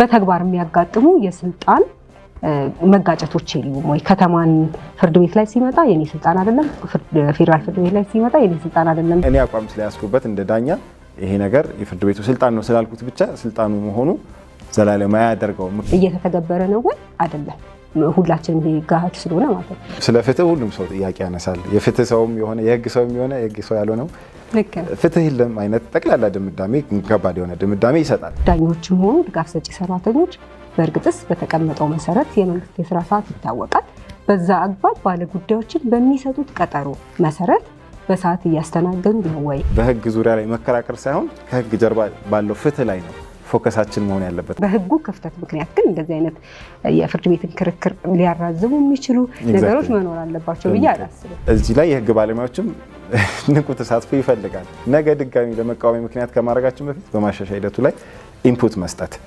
በተግባር የሚያጋጥሙ የስልጣን መጋጨቶች የሉም ወይ? ከተማን ፍርድ ቤት ላይ ሲመጣ የኔ ስልጣን አይደለም፣ ፌዴራል ፍርድ ቤት ላይ ሲመጣ የኔ ስልጣን አይደለም። እኔ አቋም ስለያዝኩበት እንደ ዳኛ ይሄ ነገር የፍርድ ቤቱ ስልጣን ነው ስላልኩት ብቻ ስልጣኑ መሆኑ ዘላለም ያደርገው እየተተገበረ ነው ወይ አይደለም ሁላችንም ይሄ ስለሆነ ማለት ነው። ስለ ፍትህ ሁሉም ሰው ጥያቄ ያነሳል። የፍትህ ሰውም የሆነ የህግ ሰውም የሆነ የህግ ሰው ያልሆነው ፍትህ የለም አይነት ጠቅላላ ድምዳሜ ከባድ የሆነ ድምዳሜ ይሰጣል። ዳኞችም ሆኑ ድጋፍ ሰጪ ሰራተኞች በእርግጥስ በተቀመጠው መሰረት የመንግስት የስራ ሰዓት ይታወቃል። በዛ አግባብ ባለጉዳዮችን በሚሰጡት ቀጠሮ መሰረት በሰዓት እያስተናገዱ ነው ወይ? በህግ ዙሪያ ላይ መከራከር ሳይሆን ከህግ ጀርባ ባለው ፍትህ ላይ ነው ፎከሳችን መሆን ያለበት። በህጉ ክፍተት ምክንያት ግን እንደዚህ አይነት የፍርድ ቤትን ክርክር ሊያራዝሙ የሚችሉ ነገሮች መኖር አለባቸው ብዬ አላስብም። እዚህ ላይ የህግ ባለሙያዎችም ንቁ ተሳትፎ ይፈልጋል። ነገ ድጋሚ ለመቃወሚያ ምክንያት ከማድረጋችን በፊት በማሻሻያ ሂደቱ ላይ ኢንፑት መስጠት